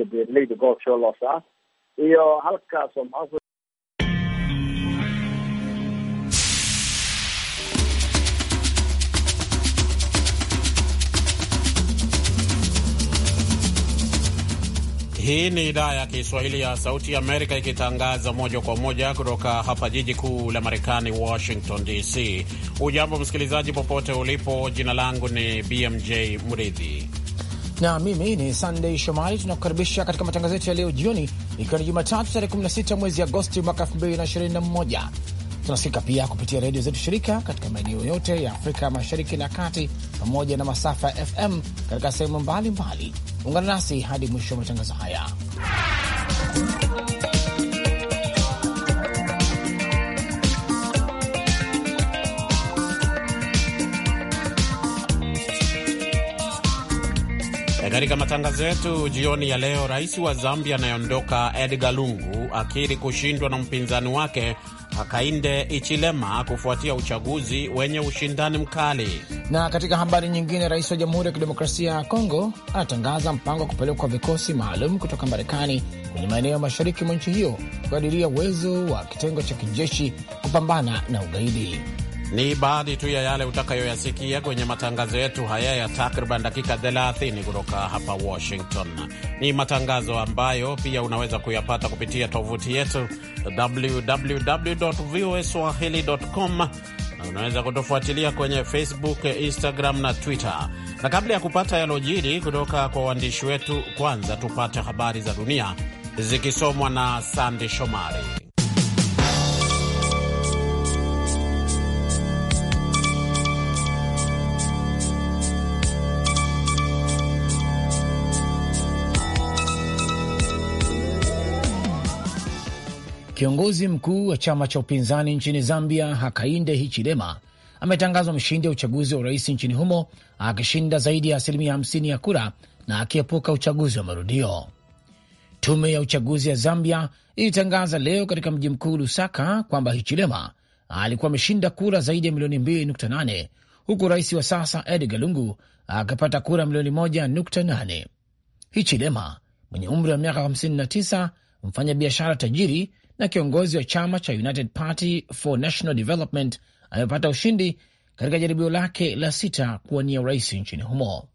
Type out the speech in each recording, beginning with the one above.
iyo beeraleyda gobolka Shawlos ah iyo halkaasoo oo Hii ni idhaa ya Kiswahili ya Sauti Amerika ikitangaza moja kwa moja kutoka hapa jiji kuu la Marekani, Washington DC. ujambo msikilizaji, popote ulipo. Jina langu ni BMJ Mridhi na mimi ni sandey Shomari. Tunakukaribisha katika matangazo yetu ya leo jioni, ikiwa ni Jumatatu tarehe 16 mwezi Agosti mwaka 2021. Tunasikika pia kupitia redio zetu shirika katika maeneo yote ya Afrika Mashariki na Kati, pamoja na masafa ya FM katika sehemu mbalimbali. Ungana nasi hadi mwisho wa matangazo haya. Katika matangazo yetu jioni ya leo, rais wa Zambia anayeondoka Edgar Lungu akiri kushindwa na mpinzani wake Hakainde Ichilema kufuatia uchaguzi wenye ushindani mkali. Na katika habari nyingine, rais wa Jamhuri ya Kidemokrasia ya Kongo anatangaza mpango wa kupelekwa vikosi maalum kutoka Marekani kwenye maeneo ya mashariki mwa nchi hiyo kukadiria uwezo wa kitengo cha kijeshi kupambana na ugaidi. Ni baadhi tu ya yale utakayoyasikia kwenye matangazo yetu haya ya takriban dakika 30 kutoka hapa Washington. Ni matangazo ambayo pia unaweza kuyapata kupitia tovuti yetu www voa swahili com, na unaweza kutufuatilia kwenye Facebook, Instagram na Twitter. Na kabla ya kupata yalojiri kutoka kwa waandishi wetu, kwanza tupate habari za dunia zikisomwa na Sande Shomari. Kiongozi mkuu wa chama cha upinzani nchini Zambia, Hakainde Hichilema, ametangazwa mshindi wa uchaguzi wa urais nchini humo akishinda zaidi ya asilimia 50 ya kura na akiepuka uchaguzi wa marudio. Tume ya uchaguzi ya Zambia ilitangaza leo katika mji mkuu Lusaka kwamba Hichilema alikuwa ameshinda kura zaidi ya milioni 2.8 huku rais wa sasa Edgar Lungu akapata kura milioni 1.8. Hichilema mwenye umri wa miaka 59, mfanyabiashara tajiri na kiongozi wa chama cha United Party for National Development amepata ushindi katika jaribio lake la sita kuwania urais nchini humo.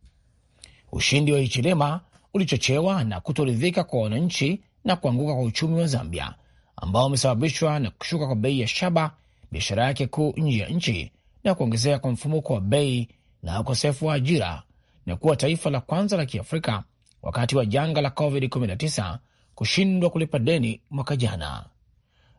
Ushindi wa Hichilema ulichochewa na kutoridhika kwa wananchi na kuanguka kwa uchumi wa Zambia ambao umesababishwa na kushuka kwa bei ya shaba, biashara yake kuu nje ya nchi, na kuongezeka kwa mfumuko wa bei na ukosefu wa ajira, na kuwa taifa la kwanza la Kiafrika wakati wa janga la COVID-19 kushindwa kulipa deni mwaka jana.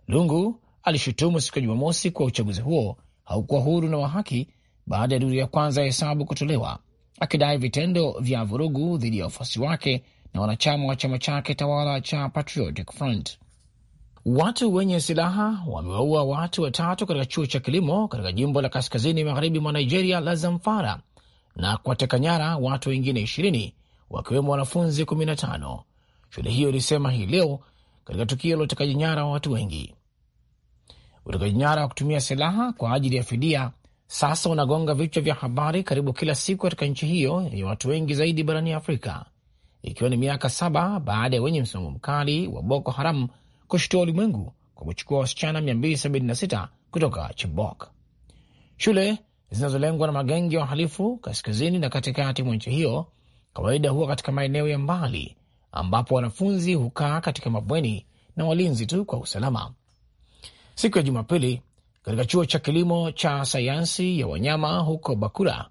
Lungu alishutumu siku ya Jumamosi kuwa uchaguzi huo haukuwa huru na wa haki baada ya duru ya kwanza ya hesabu kutolewa, akidai vitendo vya vurugu dhidi ya wafuasi wake na wanachama wa chama chake tawala cha Patriotic Front. Watu wenye silaha wamewaua watu watatu katika chuo cha kilimo katika jimbo la kaskazini magharibi mwa Nigeria la Zamfara na kuwateka nyara watu wengine ishirini wakiwemo wanafunzi 15, shule hiyo ilisema hii leo katika tukio la utekaji nyara wa watu wengi. Utekaji nyara wa kutumia silaha kwa ajili ya fidia sasa unagonga vichwa vya habari karibu kila siku katika nchi hiyo yenye watu wengi zaidi barani Afrika, ikiwa ni miaka saba baada ya wenye msimamo mkali wa Boko Haram kushtua ulimwengu kwa kuchukua wasichana 276 kutoka Chibok. Shule zinazolengwa na magenge ya wahalifu kaskazini na katikati mwa nchi hiyo kawaida huwa katika maeneo ya mbali ambapo wanafunzi hukaa katika mabweni na walinzi tu kwa usalama. Siku ya Jumapili, katika chuo cha kilimo cha sayansi ya wanyama huko Bakura,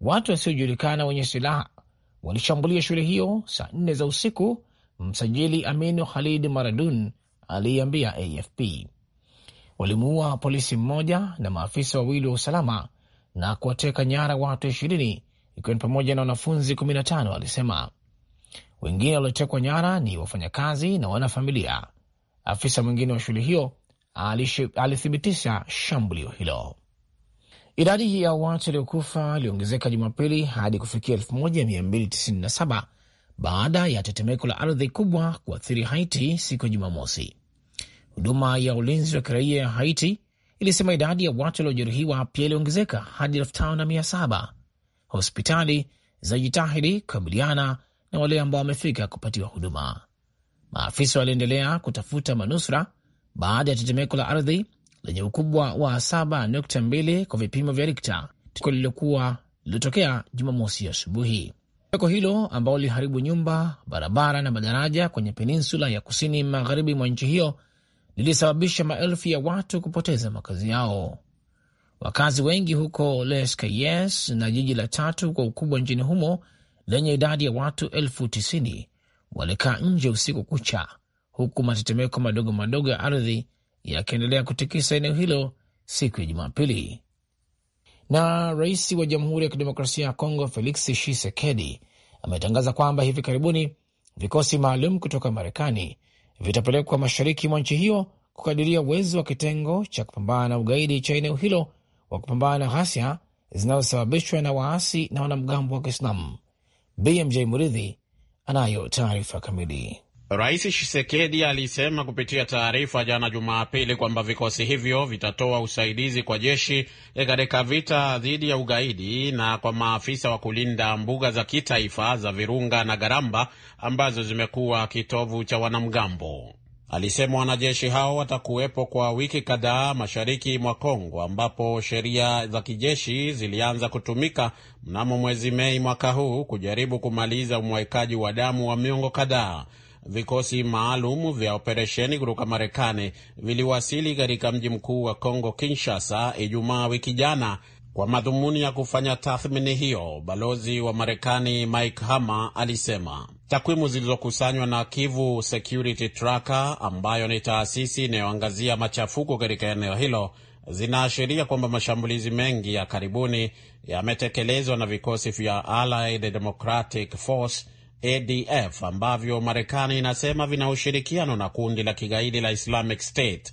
watu wasiojulikana wenye silaha walishambulia shule hiyo saa nne za usiku, msajili Aminu Khalid Maradun aliyeambia AFP. Walimuua polisi mmoja na maafisa wawili wa usalama na kuwateka nyara watu ishirini ikiwa ni pamoja na wanafunzi kumi na tano, alisema. Wengine waliotekwa nyara ni wafanyakazi na wanafamilia. Afisa mwingine wa shule hiyo alithibitisha shambulio hilo. Idadi ya watu waliokufa iliongezeka Jumapili hadi kufikia 1297 baada ya tetemeko la ardhi kubwa kuathiri Haiti siku ya Jumamosi. Huduma ya ulinzi wa kiraia ya Haiti ilisema idadi ya watu waliojeruhiwa pia iliongezeka hadi elfu hospitali za mia Hospitali kukabiliana na wale ambao wamefika kupatiwa huduma. Maafisa waliendelea kutafuta manusura baada ya tetemeko la ardhi lenye ukubwa wa 7.2 kwa vipimo vya Rikta, tukio lililokuwa lilitokea Jumamosi asubuhi. Tetemeko hilo ambao liliharibu nyumba, barabara na madaraja kwenye peninsula ya kusini magharibi mwa nchi hiyo lilisababisha maelfu ya watu kupoteza makazi yao. Wakazi wengi huko Les Cayes na jiji la tatu kwa ukubwa nchini humo lenye idadi ya watu elfu tisini walikaa nje usiku kucha, huku matetemeko madogo madogo ya ardhi yakiendelea kutikisa eneo hilo siku ya Jumapili. Na rais wa Jamhuri ya Kidemokrasia ya Kongo Felix Tshisekedi ametangaza kwamba hivi karibuni vikosi maalum kutoka Marekani vitapelekwa mashariki mwa nchi hiyo kukadiria uwezo wa kitengo cha kupambana na ugaidi cha eneo hilo wa kupambana na ghasia zinazosababishwa na waasi na wanamgambo wa Kiislamu. BMJ Muridhi anayo taarifa kamili. Rais Tshisekedi alisema kupitia taarifa jana Jumapili kwamba vikosi hivyo vitatoa usaidizi kwa jeshi katika vita dhidi ya ugaidi na kwa maafisa wa kulinda mbuga za kitaifa za Virunga na Garamba ambazo zimekuwa kitovu cha wanamgambo alisema wanajeshi hao watakuwepo kwa wiki kadhaa mashariki mwa Kongo, ambapo sheria za kijeshi zilianza kutumika mnamo mwezi Mei mwaka huu kujaribu kumaliza umwaikaji wa damu wa miongo kadhaa. Vikosi maalum vya operesheni kutoka Marekani viliwasili katika mji mkuu wa Kongo, Kinshasa, Ijumaa wiki jana kwa madhumuni ya kufanya tathmini hiyo, balozi wa Marekani Mike Hammer alisema. Takwimu zilizokusanywa na Kivu Security Tracker, ambayo ni taasisi inayoangazia machafuko katika eneo hilo, zinaashiria kwamba mashambulizi mengi ya karibuni yametekelezwa na vikosi vya Allied Democratic Force ADF ambavyo Marekani inasema vina ushirikiano na kundi la kigaidi la Islamic State.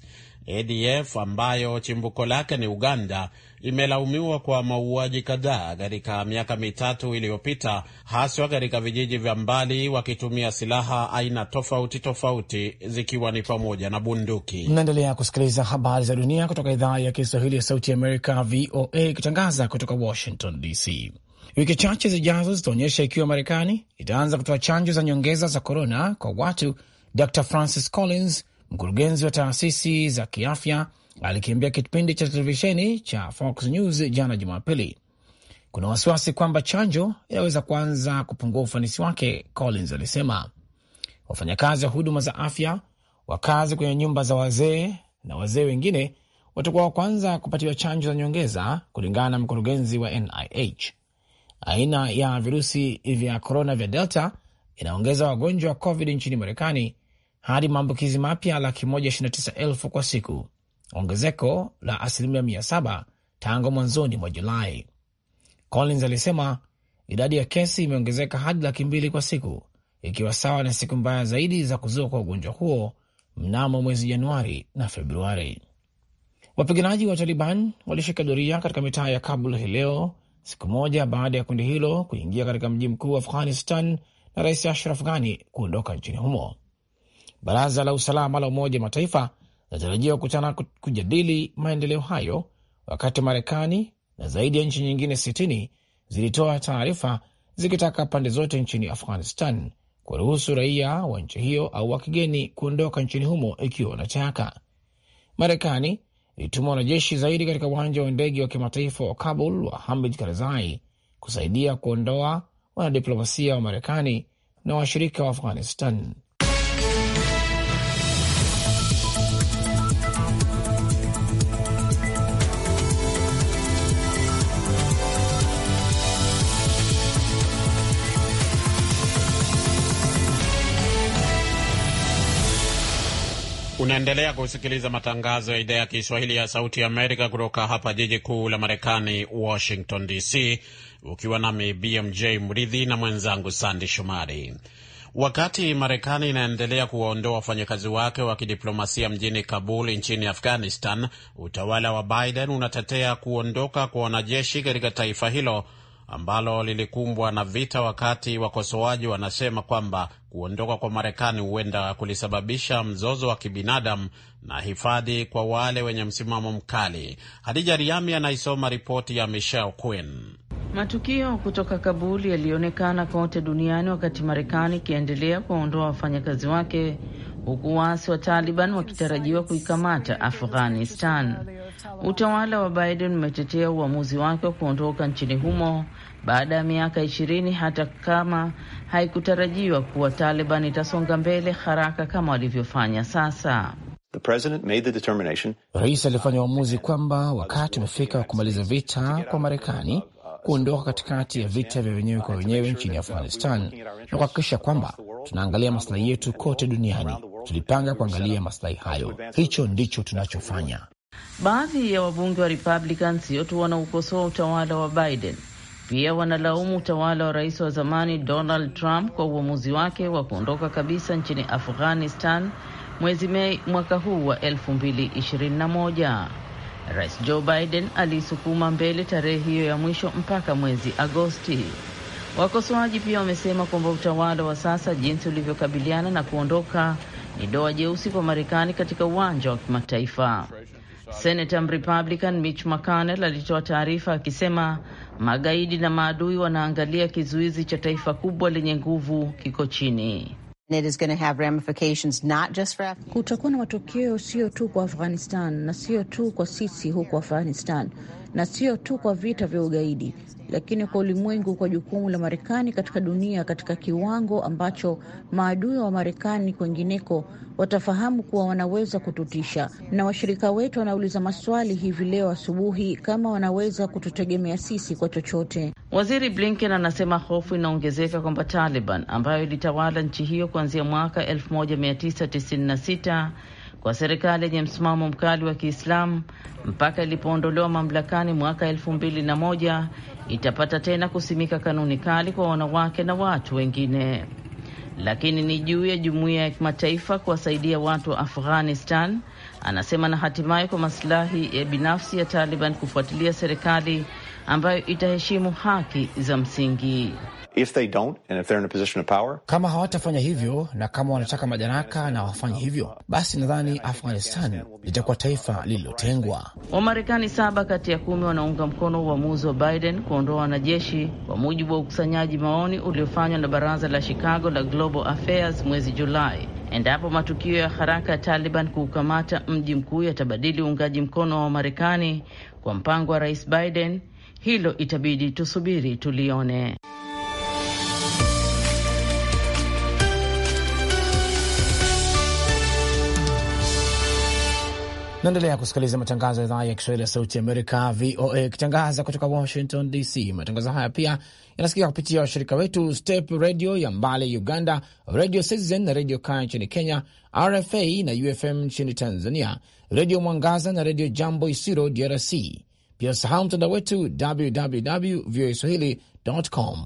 ADF ambayo chimbuko lake ni Uganda imelaumiwa kwa mauaji kadhaa katika miaka mitatu iliyopita, haswa katika vijiji vya mbali, wakitumia silaha aina tofauti tofauti, zikiwa ni pamoja na bunduki. Mnaendelea kusikiliza habari za dunia kutoka idhaa ya Kiswahili ya Sauti ya Amerika, VOA, ikitangaza kutoka Washington DC. Wiki chache zijazo zitaonyesha ikiwa Marekani itaanza kutoa chanjo za nyongeza za korona kwa watu. Dr Francis Collins, mkurugenzi wa taasisi za kiafya alikiambia kipindi cha televisheni cha Fox News jana Jumapili. Kuna wasiwasi kwamba chanjo inaweza kuanza kupungua ufanisi wake, Collins alisema. Wafanyakazi wa huduma za afya, wakazi kwenye nyumba za wazee na wazee wengine watakuwa wa kwanza kupatiwa chanjo za nyongeza, kulingana na mkurugenzi wa NIH. Aina ya virusi vya korona vya Delta inaongeza wagonjwa wa COVID nchini Marekani hadi maambukizi mapya laki moja ishirini na tisa elfu kwa siku, ongezeko la asilimia mia saba tangu mwanzoni mwa Julai. Collins alisema idadi ya kesi imeongezeka hadi laki mbili kwa siku, ikiwa sawa na siku mbaya zaidi za kuzuka kwa ugonjwa huo mnamo mwezi Januari na Februari. Wapiganaji wa Taliban walishika doria katika mitaa ya Kabul hii leo, siku moja baada ya kundi hilo kuingia katika mji mkuu wa Afghanistan na Rais Ashraf Ghani kuondoka nchini humo. Baraza la usalama la Umoja wa Mataifa inatarajiwa kukutana kujadili maendeleo hayo, wakati Marekani na zaidi ya nchi nyingine 60 zilitoa taarifa zikitaka pande zote nchini Afghanistan kuruhusu raia wa nchi hiyo au wa kigeni kuondoka nchini humo ikiwa wanataka. Marekani ilituma wanajeshi zaidi katika uwanja wa ndege wa kimataifa wa Kabul wa Hamid Karzai kusaidia kuondoa wanadiplomasia wa Marekani na washirika wa Afghanistan. Unaendelea kusikiliza matangazo ya idhaa ya Kiswahili ya Sauti ya Amerika kutoka hapa jiji kuu la Marekani, Washington DC, ukiwa nami BMJ Mridhi na mwenzangu Sandi Shomari. Wakati Marekani inaendelea kuwaondoa wafanyakazi wake wa kidiplomasia mjini Kabul nchini Afghanistan, utawala wa Biden unatetea kuondoka kwa wanajeshi katika taifa hilo ambalo lilikumbwa na vita, wakati wakosoaji wanasema kwamba kuondoka kwa Marekani huenda kulisababisha mzozo wa kibinadamu na hifadhi kwa wale wenye msimamo mkali. Hadija Riami anaisoma ripoti ya Michelle Quinn. Matukio kutoka Kabuli yaliyoonekana kote duniani wakati Marekani ikiendelea kuwaondoa wafanyakazi wake huku waasi wa Taliban wakitarajiwa kuikamata Afghanistan. Utawala wa Biden umetetea uamuzi wake wa kuondoka nchini humo baada ya miaka ishirini, hata kama haikutarajiwa kuwa Taliban itasonga mbele haraka kama walivyofanya sasa. Rais alifanya uamuzi kwamba wakati umefika wa kumaliza vita kwa Marekani, kuondoka katikati ya vita vya wenyewe kwa wenyewe nchini Afghanistan na kuhakikisha kwamba tunaangalia maslahi yetu kote duniani. Tulipanga kuangalia maslahi hayo, hicho ndicho tunachofanya. Baadhi ya wabunge wa Republican sio tu wanaukosoa utawala wa Biden, pia wanalaumu utawala wa rais wa zamani Donald Trump kwa uamuzi wake wa kuondoka kabisa nchini Afghanistan mwezi Mei mwaka huu wa 2021. Rais Joe Biden aliisukuma mbele tarehe hiyo ya mwisho mpaka mwezi Agosti. Wakosoaji pia wamesema kwamba utawala wa sasa, jinsi ulivyokabiliana na kuondoka, ni doa jeusi kwa Marekani katika uwanja wa kimataifa. Senata Mrepublican Mitch McConnell alitoa taarifa akisema magaidi na maadui wanaangalia kizuizi cha taifa kubwa lenye nguvu kiko chini. Kutakuwa na matokeo sio tu kwa Afghanistan na sio tu kwa sisi huko Afghanistan, na sio tu kwa vita vya ugaidi, lakini kwa ulimwengu, kwa jukumu la Marekani katika dunia, katika kiwango ambacho maadui wa Marekani kwengineko watafahamu kuwa wanaweza kututisha. Na washirika wetu wanauliza maswali hivi leo asubuhi kama wanaweza kututegemea sisi kwa chochote. Waziri Blinken anasema hofu inaongezeka kwamba Taliban ambayo ilitawala nchi hiyo kuanzia mwaka 1996 kwa serikali yenye msimamo mkali wa Kiislamu mpaka ilipoondolewa mamlakani mwaka elfu mbili na moja itapata tena kusimika kanuni kali kwa wanawake na watu wengine, lakini ni juu ya jumuiya ya kimataifa kuwasaidia watu wa Afghanistan, anasema, na hatimaye kwa masilahi ya binafsi ya Taliban kufuatilia serikali ambayo itaheshimu haki za msingi. If they don't, and if they're in a position of power, kama hawatafanya hivyo na kama wanataka madaraka na hawafanyi hivyo, basi nadhani Afghanistan litakuwa taifa lililotengwa. Wamarekani saba kati ya kumi wanaunga mkono uamuzi wa Biden kuondoa wanajeshi, kwa mujibu wa ukusanyaji maoni uliofanywa na baraza la Chicago la Global Affairs mwezi Julai. Endapo matukio ya haraka ya Taliban kuukamata mji mkuu yatabadili uungaji mkono wa Wamarekani kwa mpango wa Rais Biden hilo itabidi tusubiri tulione. Naendelea kusikiliza matangazo ya idhaa ya Kiswahili ya Sauti Amerika, VOA, ikitangaza kutoka Washington DC. Matangazo haya pia yanasikika kupitia washirika wetu Step Radio ya Mbale Uganda, Radio Citizen na redio Kaya nchini Kenya, RFA na UFM nchini Tanzania, Redio Mwangaza na Redio Jambo Isiro DRC. Pia sahau mtandao wetu www voa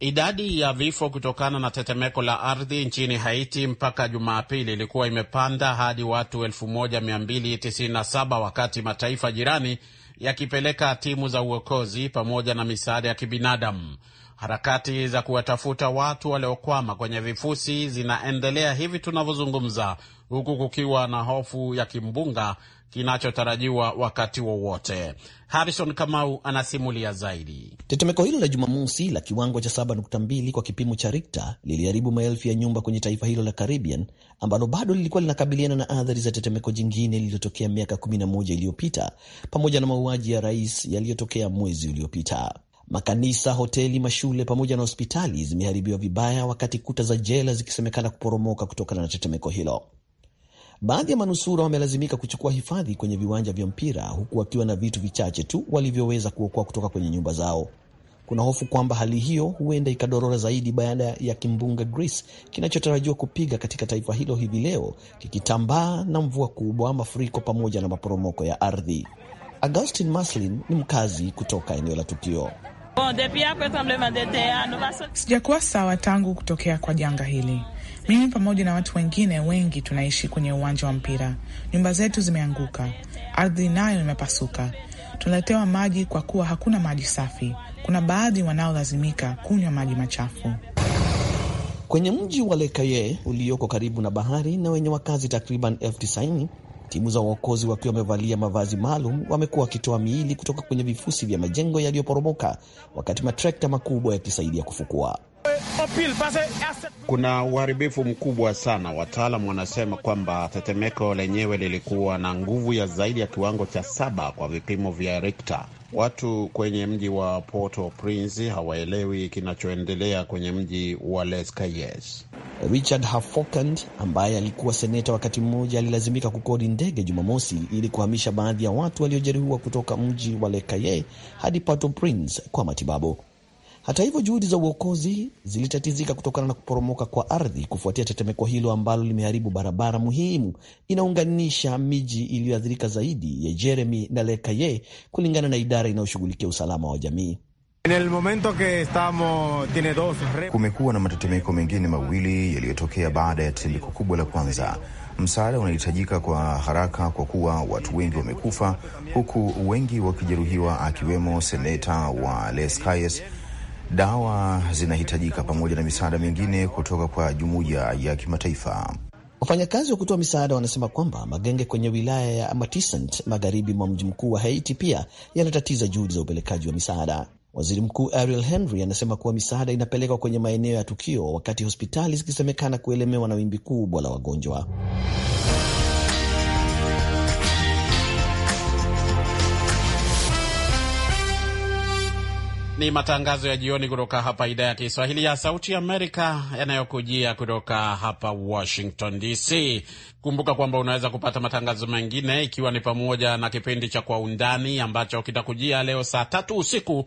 Idadi ya vifo kutokana na tetemeko la ardhi nchini Haiti mpaka Jumapili ilikuwa imepanda hadi watu 1297 wakati mataifa jirani yakipeleka timu za uokozi pamoja na misaada ya kibinadamu. Harakati za kuwatafuta watu waliokwama kwenye vifusi zinaendelea hivi tunavyozungumza, huku kukiwa na hofu ya kimbunga kinachotarajiwa wakati wowote Harrison Kamau anasimulia zaidi. Tetemeko hilo la Jumamosi la kiwango cha 7.2 kwa kipimo cha Richter liliharibu maelfu ya nyumba kwenye taifa hilo la Caribbean ambalo bado lilikuwa linakabiliana na athari za tetemeko jingine lililotokea miaka 11 iliyopita pamoja na mauaji ya rais yaliyotokea mwezi uliopita. Makanisa, hoteli, mashule pamoja na hospitali zimeharibiwa vibaya, wakati kuta za jela zikisemekana kuporomoka kutokana na tetemeko hilo. Baadhi ya manusura wamelazimika kuchukua hifadhi kwenye viwanja vya mpira huku wakiwa na vitu vichache tu walivyoweza kuokoa kutoka kwenye nyumba zao. Kuna hofu kwamba hali hiyo huenda ikadorora zaidi baada ya kimbunga Grace kinachotarajiwa kupiga katika taifa hilo hivi leo, kikitambaa na mvua kubwa, mafuriko pamoja na maporomoko ya ardhi. Augustin Maslin ni mkazi kutoka eneo la tukio. Sijakuwa sawa tangu kutokea kwa janga hili mimi pamoja na watu wengine wengi tunaishi kwenye uwanja wa mpira. Nyumba zetu zimeanguka, ardhi nayo imepasuka. Tunaletewa maji kwa kuwa hakuna maji safi. Kuna baadhi wanaolazimika kunywa maji machafu. Kwenye mji wa Lekaye ulioko karibu na bahari na wenye wakazi takriban elfu tisini Timu za uokozi wakiwa wamevalia mavazi maalum wamekuwa wakitoa miili kutoka kwenye vifusi vya majengo yaliyoporomoka, wakati matrekta makubwa yakisaidia kufukua. Kuna uharibifu mkubwa sana. Wataalam wanasema kwamba tetemeko lenyewe lilikuwa na nguvu ya zaidi ya kiwango cha saba kwa vipimo vya Richter. Watu kwenye mji wa Port au Prince hawaelewi kinachoendelea kwenye mji wa Les Cayes. Richard Hafokand ambaye alikuwa seneta wakati mmoja alilazimika kukodi ndege Jumamosi ili kuhamisha baadhi ya watu waliojeruhiwa kutoka mji wa Lekaye hadi Port-au-Prince kwa matibabu. Hata hivyo, juhudi za uokozi zilitatizika kutokana na kuporomoka kwa ardhi kufuatia tetemeko hilo ambalo limeharibu barabara muhimu inaunganisha miji iliyoathirika zaidi ya Jeremy na Lekaye, kulingana na idara inayoshughulikia usalama wa jamii. Kumekuwa na matetemeko mengine mawili yaliyotokea baada ya tetemeko kubwa la kwanza. Msaada unahitajika kwa haraka kwa kuwa watu wengi wamekufa huku wengi wakijeruhiwa, akiwemo seneta wa Les Cayes. Dawa zinahitajika pamoja na misaada mingine kutoka kwa jumuiya ya kimataifa. Wafanyakazi wa kutoa misaada wanasema kwamba magenge kwenye wilaya ya Amatisant magharibi mwa mji mkuu wa Haiti pia yanatatiza juhudi za upelekaji wa misaada. Waziri Mkuu Ariel Henry anasema kuwa misaada inapelekwa kwenye maeneo ya tukio, wakati hospitali zikisemekana kuelemewa na wimbi kubwa la wagonjwa. Ni matangazo ya jioni kutoka hapa idhaa ya Kiswahili ya Sauti Amerika yanayokujia kutoka hapa Washington DC. Kumbuka kwamba unaweza kupata matangazo mengine ikiwa ni pamoja na kipindi cha Kwa Undani ambacho kitakujia leo saa tatu usiku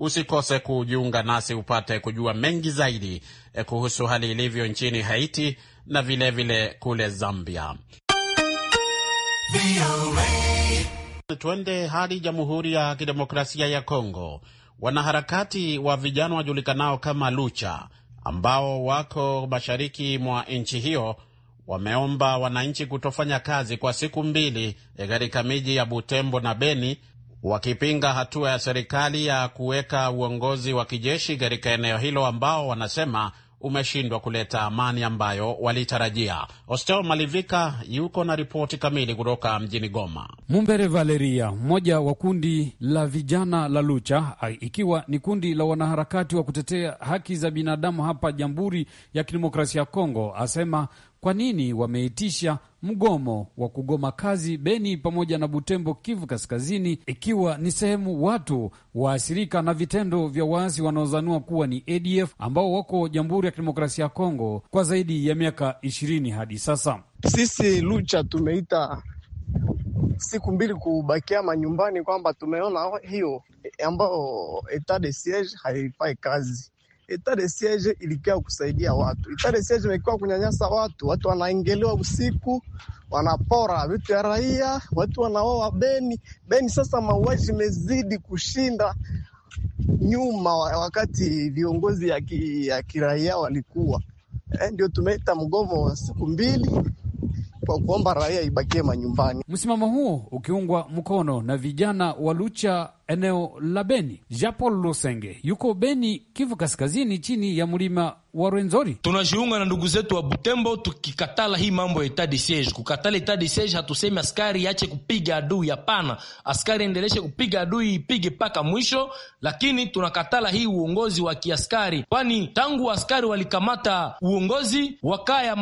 Usikose kujiunga nasi upate kujua mengi zaidi eh, kuhusu hali ilivyo nchini Haiti na vilevile vile kule Zambia. Tuende hadi Jamhuri ya Kidemokrasia ya Kongo. Wanaharakati wa vijana wajulikanao kama Lucha ambao wako mashariki mwa nchi hiyo wameomba wananchi kutofanya kazi kwa siku mbili eh, katika miji ya Butembo na Beni wakipinga hatua ya serikali ya kuweka uongozi wa kijeshi katika eneo hilo ambao wanasema umeshindwa kuleta amani ambayo walitarajia. Ostel Malivika yuko na ripoti kamili kutoka mjini Goma. Mumbere Valeria, mmoja wa kundi la vijana la Lucha, ikiwa ni kundi la wanaharakati wa kutetea haki za binadamu hapa Jamhuri ya Kidemokrasia ya Kongo, asema kwa nini wameitisha mgomo wa kugoma kazi Beni pamoja na Butembo, Kivu Kaskazini, ikiwa ni sehemu watu waathirika na vitendo vya waasi wanaozanua kuwa ni ADF ambao wako Jamhuri ya Kidemokrasia ya Kongo kwa zaidi ya miaka ishirini hadi sasa. Sisi Lucha tumeita siku mbili kubakia manyumbani, kwamba tumeona hiyo ambayo etat de siege haifai kazi Etat de siege ilikuwa kusaidia watu. Etat de siege imekuwa kunyanyasa watu, watu wanaingiliwa usiku, wanapora vitu ya raia, watu wanaoa Beni. Beni sasa mauaji imezidi kushinda nyuma, wakati viongozi ya, ki, ya kiraia walikuwa eh, ndio tumeita mgomo wa siku mbili kwa kuomba raia ibakie manyumbani. Msimamo huo ukiungwa mkono na vijana wa Lucha eneo la Beni. Jean Paul Lusenge yuko Beni, Kivu Kaskazini, chini ya mlima wa Rwenzori. Tunajiunga na ndugu zetu wa Butembo tukikatala hii mambo ya etat de siege. Kukatala etat de siege, hatusemi askari yache kupiga adui, hapana. Askari endeleshe kupiga adui, ipige mpaka mwisho, lakini tunakatala hii uongozi wa kiaskari, kwani tangu askari walikamata uongozi wakaa ya,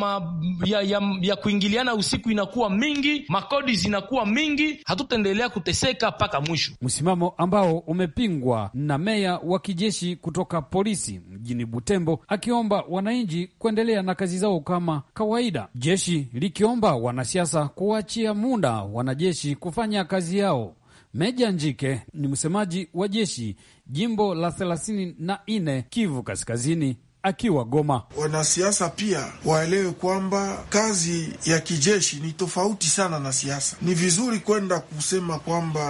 ya, ya, ya kuingiliana usiku inakuwa mingi, makodi zinakuwa mingi, hatutaendelea kuteseka mpaka mwisho. Msimamo ambao umepingwa na meya wa kijeshi kutoka polisi mjini Butembo, akiomba wananchi kuendelea na kazi zao kama kawaida, jeshi likiomba wanasiasa kuachia muda wanajeshi kufanya kazi yao. Meja Njike ni msemaji wa jeshi jimbo la thelathini na nne Kivu Kaskazini akiwa Goma. Wanasiasa pia waelewe kwamba kazi ya kijeshi ni tofauti sana na siasa. Ni vizuri kwenda kusema kwamba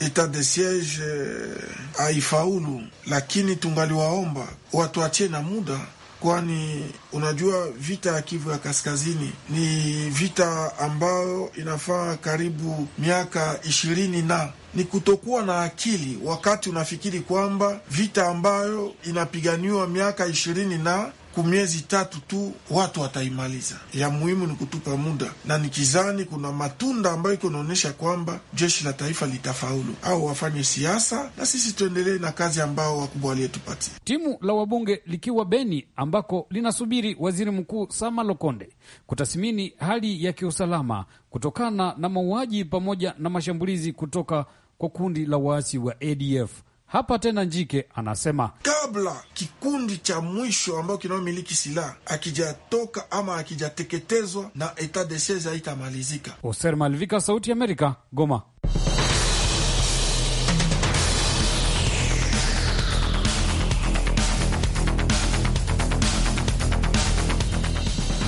etat de siege eh, haifaulu, lakini tungaliwaomba watuachie na muda kwani unajua vita ya Kivu ya Kaskazini ni vita ambayo inafaa karibu miaka ishirini na ni kutokuwa na akili wakati unafikiri kwamba vita ambayo inapiganiwa miaka ishirini na kumiezi tatu tu watu wataimaliza. Ya muhimu ni kutupa muda, na nikizani kuna matunda ambayo iko naonyesha kwamba jeshi la taifa litafaulu, au wafanye siasa na sisi tuendelee na kazi ambao wakubwa waliyetupatia. Timu la wabunge likiwa Beni ambako linasubiri waziri mkuu Sama Lokonde kutathmini hali ya kiusalama kutokana na mauaji pamoja na mashambulizi kutoka kwa kundi la waasi wa ADF. Hapa tena Njike anasema kabla kikundi cha mwisho ambayo kinayomiliki silaha akijatoka ama akijateketezwa na etat de siege haitamalizika. Oser Malvika, Sauti ya Amerika, Goma.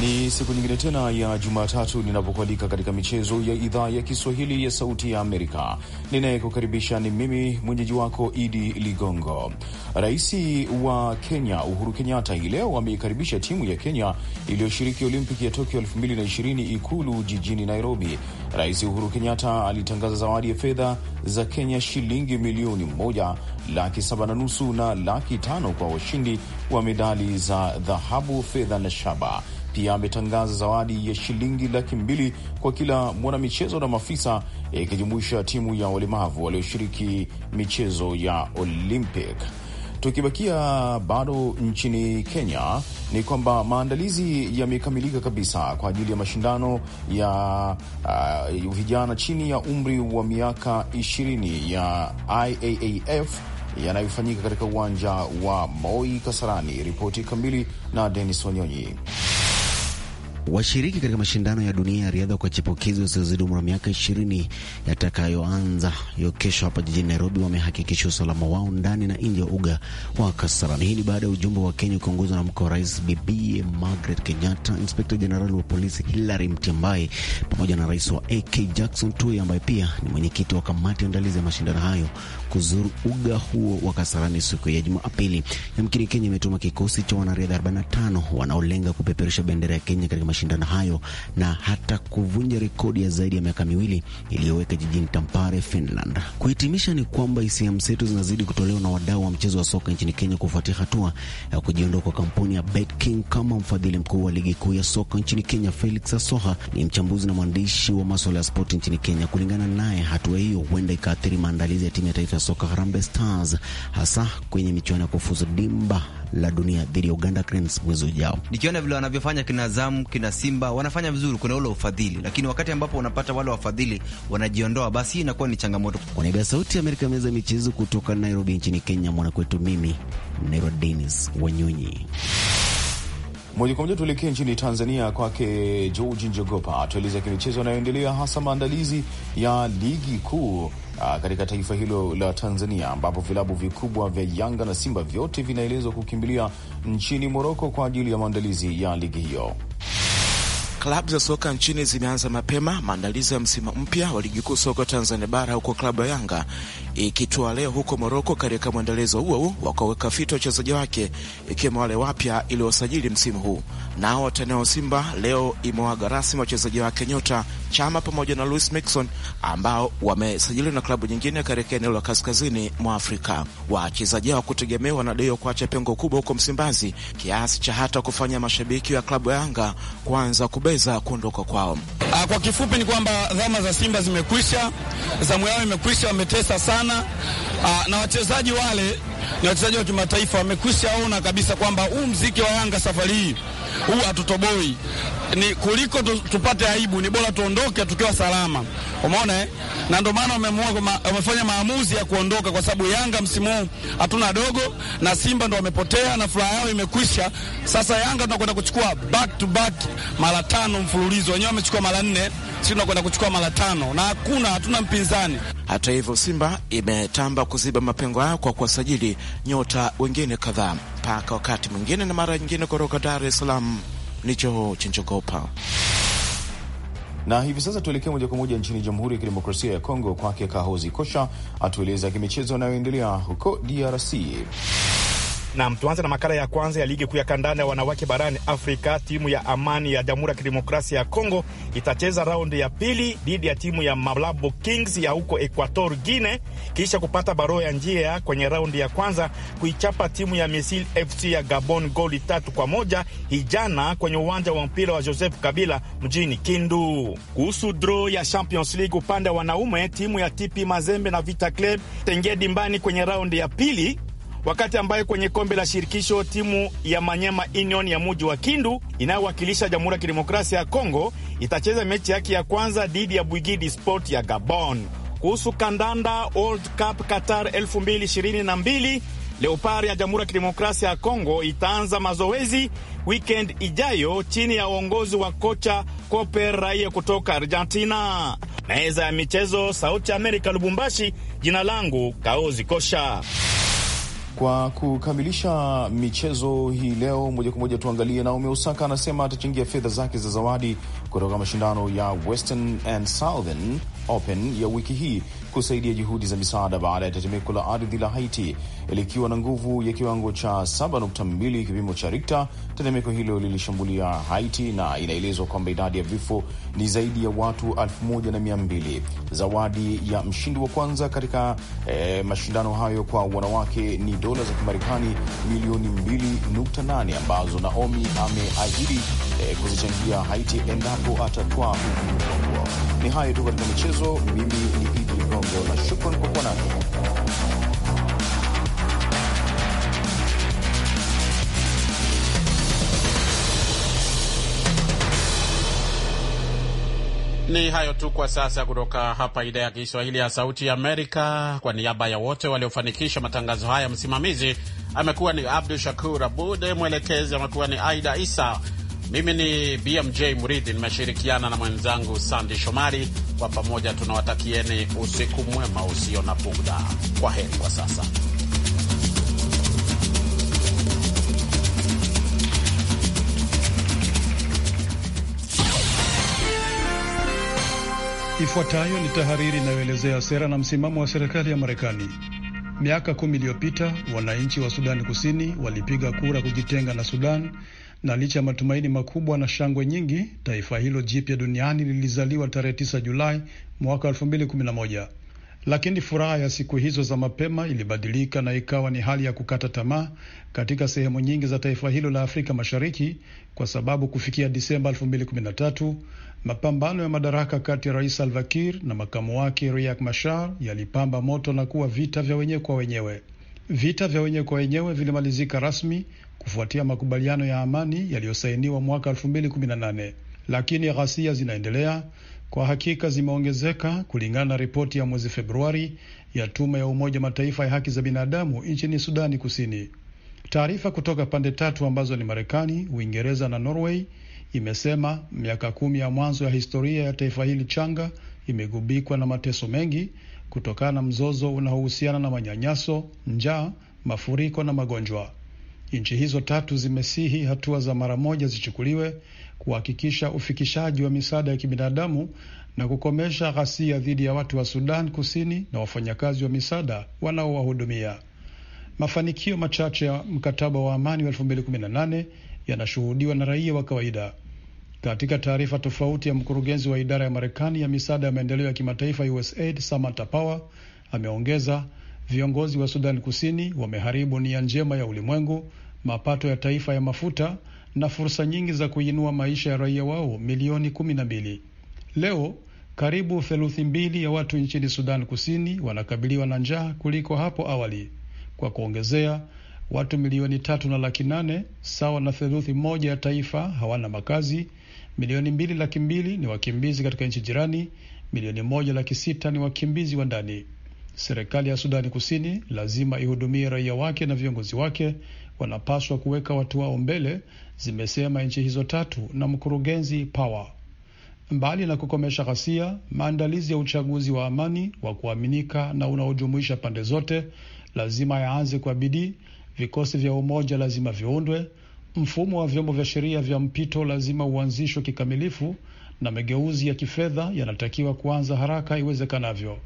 Ni siku nyingine tena ya Jumatatu ninapokualika katika michezo ya idhaa ya Kiswahili ya Sauti ya Amerika. Ninayekukaribisha ni mimi mwenyeji wako Idi Ligongo. Rais wa Kenya Uhuru Kenyatta hii leo ameikaribisha timu ya Kenya iliyoshiriki Olimpiki ya Tokyo 2020 Ikulu jijini Nairobi. Rais Uhuru Kenyatta alitangaza zawadi ya fedha za Kenya shilingi milioni moja laki saba na nusu na laki tano kwa washindi wa medali za dhahabu, fedha na shaba. Pia ametangaza zawadi ya shilingi laki mbili kwa kila mwanamichezo na maafisa eh, ikijumuisha e, timu ya walemavu walioshiriki michezo ya Olympic. Tukibakia bado nchini Kenya, ni kwamba maandalizi yamekamilika kabisa kwa ajili ya mashindano ya uh, vijana chini ya umri wa miaka 20 ya IAAF yanayofanyika katika uwanja wa Moi Kasarani. Ripoti kamili na Denis Wanyonyi. Washiriki katika mashindano ya dunia ya riadha kwa chipukizi wasiozidi umri wa miaka ishirini yatakayoanza hiyo kesho hapa jijini Nairobi wamehakikisha usalama wao ndani na nje ya uga wa Kasarani. Hii ni baada ya ujumbe wa Kenya ukiongozwa na mke wa rais Bibi Margaret Kenyatta, inspekta jenerali wa polisi Hilary Mutyambai pamoja na rais wa AK Jackson Tuwei ambaye pia ni mwenyekiti wa kamati ya andalizi ya mashindano hayo kuzuru uga huo wa Kasarani siku ya Jumapili. Yamkini Kenya imetuma kikosi cha wanariadha 45 wanaolenga kupeperusha bendera ya Kenya katika mashindano hayo na hata kuvunja rekodi ya zaidi ya miaka miwili iliyoweka jijini Tampere, Finland. Kuhitimisha ni kwamba hisia mseto zinazidi kutolewa na wadau wa mchezo wa soka nchini Kenya kufuatia hatua ya kujiondoa kwa kampuni ya BetKing kama mfadhili mkuu wa ligi kuu ya soka nchini Kenya. Felix Asoha ni mchambuzi na mwandishi wa maswala ya spoti nchini Kenya. Kulingana naye, hatua hiyo huenda ikaathiri maandalizi ya timu ya taifa ya soka Harambee Stars, hasa kwenye michuano ya kufuzu dimba la dunia dhidi ya Uganda Cranes mwezi ujao. Nikiona vile wanavyofanya kina Azam, kina na Simba wanafanya vizuri, kuna ule ufadhili, lakini wakati ambapo unapata wale wafadhili wanajiondoa, basi hii inakuwa ni changamoto. Kwa niaba ya Sauti ya Amerika, meza ya michezo kutoka Nairobi nchini Kenya, mwanakwetu mimi Nairo Denis Wanyonyi. Moja kwa moja tuelekee nchini Tanzania, kwake George Njogopa, tueleze kimichezo anayoendelea hasa maandalizi ya ligi kuu ah, katika taifa hilo la Tanzania, ambapo vilabu vikubwa vya Yanga na Simba vyote vinaelezwa kukimbilia nchini Moroko kwa ajili ya maandalizi ya ligi hiyo. Klabu za soka nchini zimeanza mapema maandalizi ya msimu mpya wa ligi kuu soka Tanzania bara, huko klabu ya Yanga ikitoa leo huko Moroko katika mwendelezo huo huo wa fito wachezaji wake ikiwemo wale wapya iliyosajili msimu huu. Nao watanao Simba leo imewaga rasmi wachezaji wake nyota Chama pamoja na Luis Mixon ambao wamesajiliwa na klabu nyingine katika eneo la kaskazini mwa Afrika. Wachezaji hao kutegemewa wanadaiwa kuacha pengo kubwa huko Msimbazi, kiasi cha hata kufanya mashabiki wa klabu ya Yanga kuanza kubeza kuondoka kwao. Ah, kwa kifupi ni kwamba dhama za Simba zimekwisha, zamu yao imekwisha, wametesa sana sana uh, na wachezaji wale na wachezaji wa kimataifa, wamekwisha ona kabisa kwamba huu mziki wa Yanga safari hii huu hatutoboi, ni kuliko tu, tupate aibu, ni bora tuondoke tukiwa salama. Umeona eh? Na ndio maana wamemua wamefanya maamuzi ya kuondoka, kwa sababu Yanga msimu huu hatuna dogo, na Simba ndo wamepotea na furaha yao imekwisha. Sasa Yanga tunakwenda kuchukua back to back mara tano mfululizo, wenyewe wamechukua mara nne, sisi tunakwenda kuchukua mara tano, na hakuna hatuna mpinzani. Hata hivyo, Simba imetamba kuziba mapengo hayo kwa kuwasajili nyota wengine kadhaa mpaka wakati mwingine na mara nyingine. Kutoka Dar es Salaam ni choo Chenjogopa na hivi sasa tuelekee moja kwa moja nchini Jamhuri ya Kidemokrasia ya Kongo, kwake Kahozi Kosha atueleza kimichezo anayoendelea huko DRC. Nam, tuanze na makala ya kwanza ya ligi kuu ya kandanda ya wanawake barani Afrika. Timu ya Amani ya Jamhuri ya Kidemokrasia ya Kongo itacheza raundi ya pili dhidi ya timu ya Malabo Kings ya huko Equator Guine, kisha kupata barua ya njia kwenye raundi ya kwanza kuichapa timu ya Misil FC ya Gabon goli tatu kwa moja hijana kwenye uwanja wa mpira wa Joseph Kabila mjini Kindu. Kuhusu dro ya Champions League upande wa wanaume, timu ya TP Mazembe na Vita Club tengie dimbani kwenye raundi ya pili wakati ambaye kwenye kombe la shirikisho timu ya Manyema Union ya muji wa Kindu inayowakilisha Jamhuri ya Kidemokrasia ya Kongo itacheza mechi yake ya kwanza dhidi ya Bwigidi Sport ya Gabon. Kuhusu kandanda World Cup Qatar 2022 Leopard ya Jamhuri ya Kidemokrasia ya Kongo itaanza mazoezi wikend ijayo chini ya uongozi wa kocha Koper Raie kutoka Argentina. Meza ya michezo, Sauti ya Amerika, Lubumbashi. Jina langu Kaozi Kosha. Kwa kukamilisha michezo hii leo, moja kwa moja tuangalie. Naomi Osaka anasema atachangia fedha zake za zawadi kutoka mashindano ya Western and Southern Open ya wiki hii kusaidia juhudi za misaada baada ya tetemeko la ardhi la Haiti likiwa na nguvu ya kiwango cha 7.2 kipimo cha Rikta. Tetemeko hilo lilishambulia Haiti na inaelezwa kwamba idadi ya vifo ni zaidi ya watu elfu Zawadi ya mshindi wa kwanza katika eh, mashindano hayo kwa wanawake ni dola za Kimarekani milioni 2.8 ambazo Naomi ameahidi eh, kuzichangia Haiti endapo atatwaa. Ni hayo tu katika michezo. Mimi ni na shukran kwa kuwa Ni hayo tu kwa sasa kutoka hapa idhaa ya Kiswahili ya Sauti ya Amerika. Kwa niaba ya wote waliofanikisha matangazo haya, msimamizi amekuwa ni Abdu Shakur Abud, mwelekezi amekuwa ni Aida Isa. Mimi ni BMJ mridhi nimeshirikiana na mwenzangu Sandi Shomari. Kwa pamoja tunawatakieni usiku mwema usio na bughudha. Kwa heri kwa sasa. Ifuatayo ni tahariri inayoelezea sera na msimamo wa serikali ya Marekani. Miaka kumi iliyopita wananchi wa Sudani Kusini walipiga kura kujitenga na Sudan na licha ya matumaini makubwa na shangwe nyingi, taifa hilo jipya duniani lilizaliwa tarehe 9 Julai mwaka 2011. Lakini furaha ya siku hizo za mapema ilibadilika na ikawa ni hali ya kukata tamaa katika sehemu nyingi za taifa hilo la Afrika Mashariki, kwa sababu kufikia Disemba 2013 mapambano ya madaraka kati ya Rais Salva Kiir na makamu wake Riek Machar yalipamba moto na kuwa vita vya wenyewe kwa wenyewe. Vita vya wenyewe kwa wenyewe vilimalizika rasmi kufuatia makubaliano ya amani yaliyosainiwa mwaka 2018 lakini ghasia zinaendelea kwa hakika zimeongezeka kulingana na ripoti ya mwezi Februari ya tume ya Umoja Mataifa ya haki za binadamu nchini Sudani Kusini. Taarifa kutoka pande tatu ambazo ni Marekani, Uingereza na Norway imesema miaka kumi ya mwanzo ya historia ya taifa hili changa imegubikwa na mateso mengi kutokana na mzozo unaohusiana na manyanyaso, njaa, mafuriko na magonjwa. Nchi hizo tatu zimesihi hatua za mara moja zichukuliwe kuhakikisha ufikishaji wa misaada ya kibinadamu na kukomesha ghasia dhidi ya watu wa Sudan Kusini na wafanyakazi wa misaada wanaowahudumia. Mafanikio machache ya mkataba wa amani wa 2018 yanashuhudiwa na raia wa kawaida. Katika taarifa tofauti ya mkurugenzi wa idara ya Marekani ya misaada ya maendeleo ya kimataifa USAID, Samantha Power ameongeza, viongozi wa Sudan Kusini wameharibu nia njema ya ulimwengu mapato ya taifa ya mafuta na fursa nyingi za kuinua maisha ya raia wao milioni kumi na mbili. Leo karibu theluthi mbili ya watu nchini Sudan Kusini wanakabiliwa na njaa kuliko hapo awali. Kwa kuongezea, watu milioni tatu na laki nane sawa na theluthi moja ya taifa hawana makazi. Milioni mbili laki mbili ni wakimbizi katika nchi jirani. Milioni moja laki sita ni wakimbizi wa ndani. Serikali ya Sudani Kusini lazima ihudumie raia wake na viongozi wake wanapaswa kuweka watu wao mbele, zimesema nchi hizo tatu na mkurugenzi Power. Mbali na kukomesha ghasia, maandalizi ya uchaguzi wa amani wa kuaminika na unaojumuisha pande zote lazima yaanze kwa bidii. Vikosi vya umoja lazima viundwe, mfumo wa vyombo vya sheria vya mpito lazima uanzishwe kikamilifu, na mageuzi ya kifedha yanatakiwa kuanza haraka iwezekanavyo.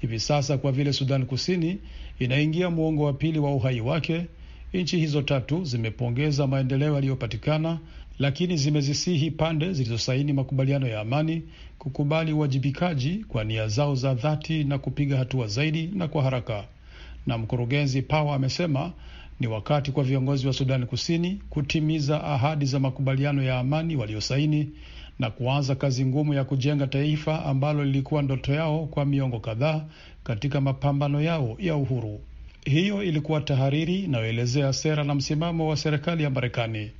Hivi sasa, kwa vile Sudan Kusini inaingia muongo wa pili wa uhai wake, Nchi hizo tatu zimepongeza maendeleo yaliyopatikana, lakini zimezisihi pande zilizosaini makubaliano ya amani kukubali uwajibikaji kwa nia zao za dhati na kupiga hatua zaidi na kwa haraka. Na mkurugenzi Power amesema ni wakati kwa viongozi wa Sudani Kusini kutimiza ahadi za makubaliano ya amani waliosaini na kuanza kazi ngumu ya kujenga taifa ambalo lilikuwa ndoto yao kwa miongo kadhaa katika mapambano yao ya uhuru. Hiyo ilikuwa tahariri inayoelezea sera na msimamo wa serikali ya Marekani.